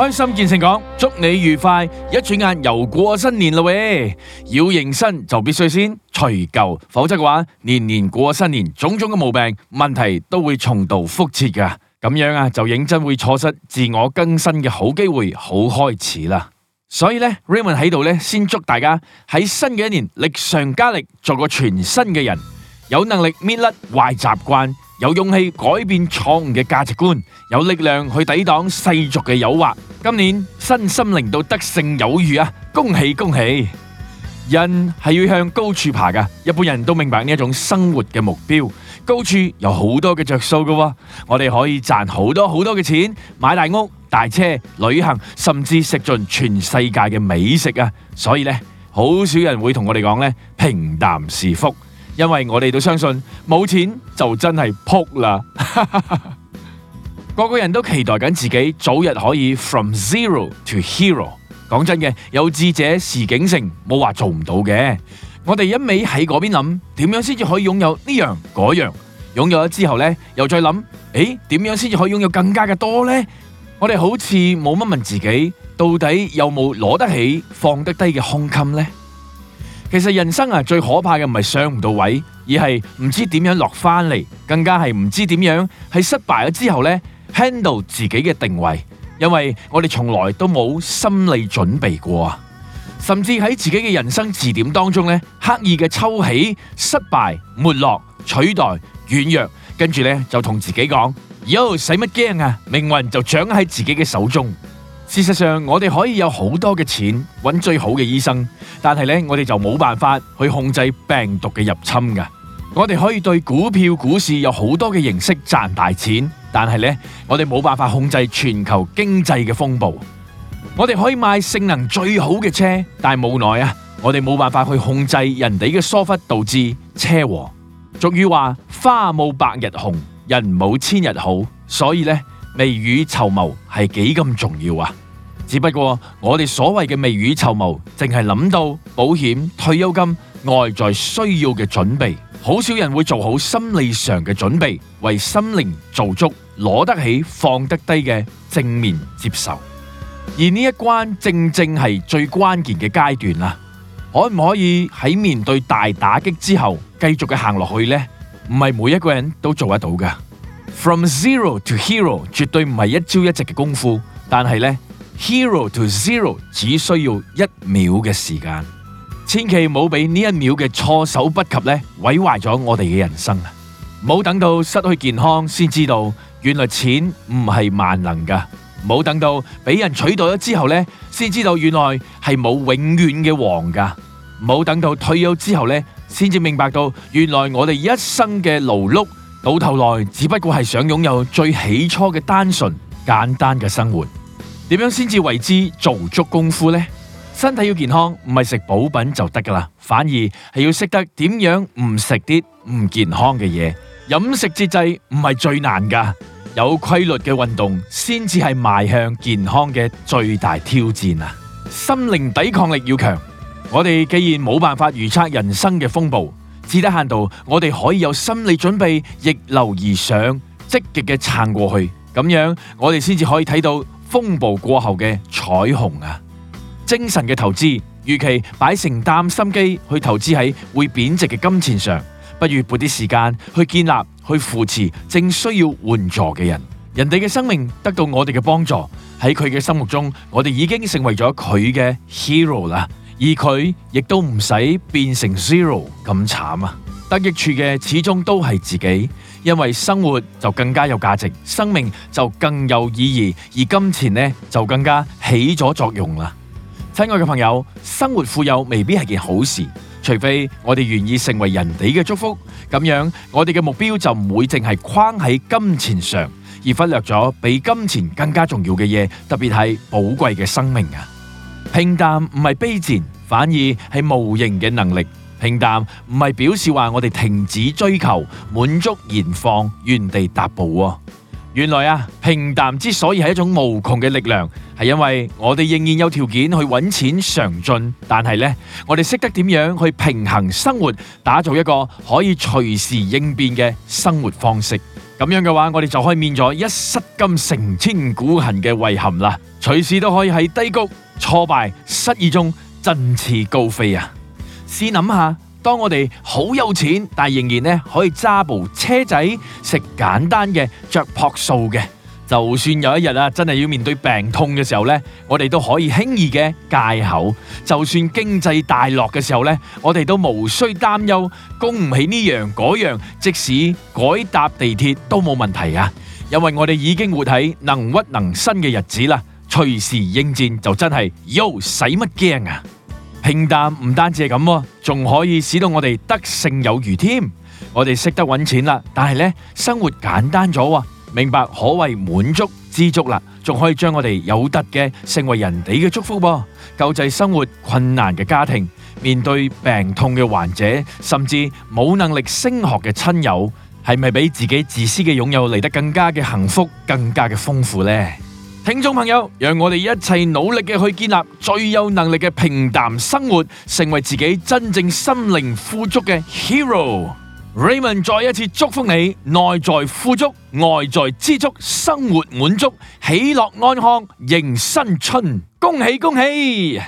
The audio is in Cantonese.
開心見誠講，祝你愉快！一轉眼又過新年啦喂，要迎新就必須先除舊，否則嘅話年年過新年，種種嘅毛病問題都會重蹈覆轍噶，咁樣啊就認真會錯失自我更新嘅好機會、好開始啦。所以咧，Raymond 喺度咧先祝大家喺新嘅一年力上加力，做個全新嘅人。有能力搣甩壞習慣，有勇氣改變錯誤嘅價值觀，有力量去抵擋世俗嘅誘惑。今年身心靈都得勝有餘啊！恭喜恭喜！人係要向高處爬噶，一般人都明白呢一種生活嘅目標。高處有好多嘅着數噶，我哋可以賺好多好多嘅錢，買大屋、大車、旅行，甚至食盡全世界嘅美食啊！所以呢，好少人會同我哋講呢，平淡是福。因為我哋都相信冇錢就真係撲啦，個 個人都期待緊自己早日可以 from zero to hero。講真嘅，有志者事竟成，冇話做唔到嘅。我哋一味喺嗰邊諗點樣先至可以擁有呢樣嗰樣，擁有咗之後呢，又再諗，誒，點樣先至可以擁有更加嘅多呢？我哋好似冇乜問自己到底有冇攞得起、放得低嘅胸襟呢？其實人生啊，最可怕嘅唔係上唔到位，而係唔知點樣落翻嚟，更加係唔知點樣係失敗咗之後呢 handle 自己嘅定位，因為我哋從來都冇心理準備過啊，甚至喺自己嘅人生字典當中呢，刻意嘅抽起失敗、沒落、取代、軟弱，跟住呢，就同自己講：喲，使乜驚啊？命運就掌握喺自己嘅手中。事實上，我哋可以有好多嘅錢揾最好嘅醫生，但係呢，我哋就冇辦法去控制病毒嘅入侵噶。我哋可以對股票股市有好多嘅形式賺大錢，但係呢，我哋冇辦法控制全球經濟嘅風暴。我哋可以買性能最好嘅車，但係無奈啊，我哋冇辦法去控制人哋嘅疏忽導致車禍。俗語話：花冇百日紅，人冇千日好，所以呢，未雨綢繆係幾咁重要啊！只不過我哋所謂嘅未雨綢繆，淨係諗到保險、退休金外在需要嘅準備，好少人會做好心理上嘅準備，為心靈做足攞得起，放得低嘅正面接受。而呢一關正正係最關鍵嘅階段啦，可唔可以喺面對大打擊之後繼續嘅行落去呢？唔係每一個人都做得到噶。From Zero to Hero 絕對唔係一朝一夕嘅功夫，但係呢，Hero to Zero 只需要一秒嘅時間，千祈唔好俾呢一秒嘅措手不及咧毀壞咗我哋嘅人生。冇等到失去健康先知道，原來錢唔係萬能噶。冇等到俾人取代咗之後咧，先知道原來係冇永遠嘅王噶。冇等到退休之後咧，先至明白到原來我哋一生嘅勞碌到頭來只不過係想擁有最起初嘅單純簡單嘅生活。點樣先至為之做足功夫呢？身體要健康，唔係食補品就得噶啦，反而係要識得點樣唔食啲唔健康嘅嘢。飲食節制唔係最難噶，有規律嘅運動先至係邁向健康嘅最大挑戰啊！心靈抵抗力要強，我哋既然冇辦法預測人生嘅風暴，至低限度我哋可以有心理準備，逆流而上，積極嘅撐過去，咁樣我哋先至可以睇到。風暴過後嘅彩虹啊！精神嘅投資，與其擺成擔心機去投資喺會貶值嘅金錢上，不如撥啲時間去建立、去扶持正需要援助嘅人。人哋嘅生命得到我哋嘅幫助，喺佢嘅心目中，我哋已經成為咗佢嘅 hero 啦。而佢亦都唔使變成 zero 咁慘啊！得益處嘅始終都係自己，因為生活就更加有價值，生命就更有意義，而金錢呢就更加起咗作用啦。親愛嘅朋友，生活富有未必係件好事，除非我哋願意成為人哋嘅祝福，咁樣我哋嘅目標就唔會淨係框喺金錢上，而忽略咗比金錢更加重要嘅嘢，特別係寶貴嘅生命啊！平淡唔係卑賤，反而係無形嘅能力。平淡唔係表示話我哋停止追求、滿足現況、原地踏步、哦、原來啊，平淡之所以係一種無窮嘅力量，係因為我哋仍然有條件去揾錢常進，但係呢，我哋識得點樣去平衡生活，打造一個可以隨時應變嘅生活方式。咁樣嘅話，我哋就可以免咗一失金成千古恨嘅遺憾啦！隨時都可以喺低谷、挫敗、失意中振翅高飛啊！試諗下，當我哋好有錢，但仍然呢可以揸部車仔，食簡單嘅，着樸素嘅，就算有一日啊真係要面對病痛嘅時候呢，我哋都可以輕易嘅戒口；就算經濟大落嘅時候呢，我哋都無需擔憂供唔起呢樣嗰樣，即使改搭地鐵都冇問題啊！因為我哋已經活喺能屈能伸嘅日子啦，隨時應戰就真係，又使乜驚啊！平淡唔單止係咁，仲可以使到我哋得勝有餘添。我哋識得搵錢啦，但係呢，生活簡單咗，明白可謂滿足知足啦。仲可以將我哋有得嘅成為人哋嘅祝福，噃救濟生活困難嘅家庭，面對病痛嘅患者，甚至冇能力升學嘅親友，係咪比自己自私嘅擁有嚟得更加嘅幸福，更加嘅豐富呢？聽眾朋友，讓我哋一齊努力嘅去建立最有能力嘅平淡生活，成為自己真正心靈富足嘅 hero。Raymond 再一次祝福你，內在富足，外在知足，生活滿足，喜樂安康，迎新春。恭喜恭喜！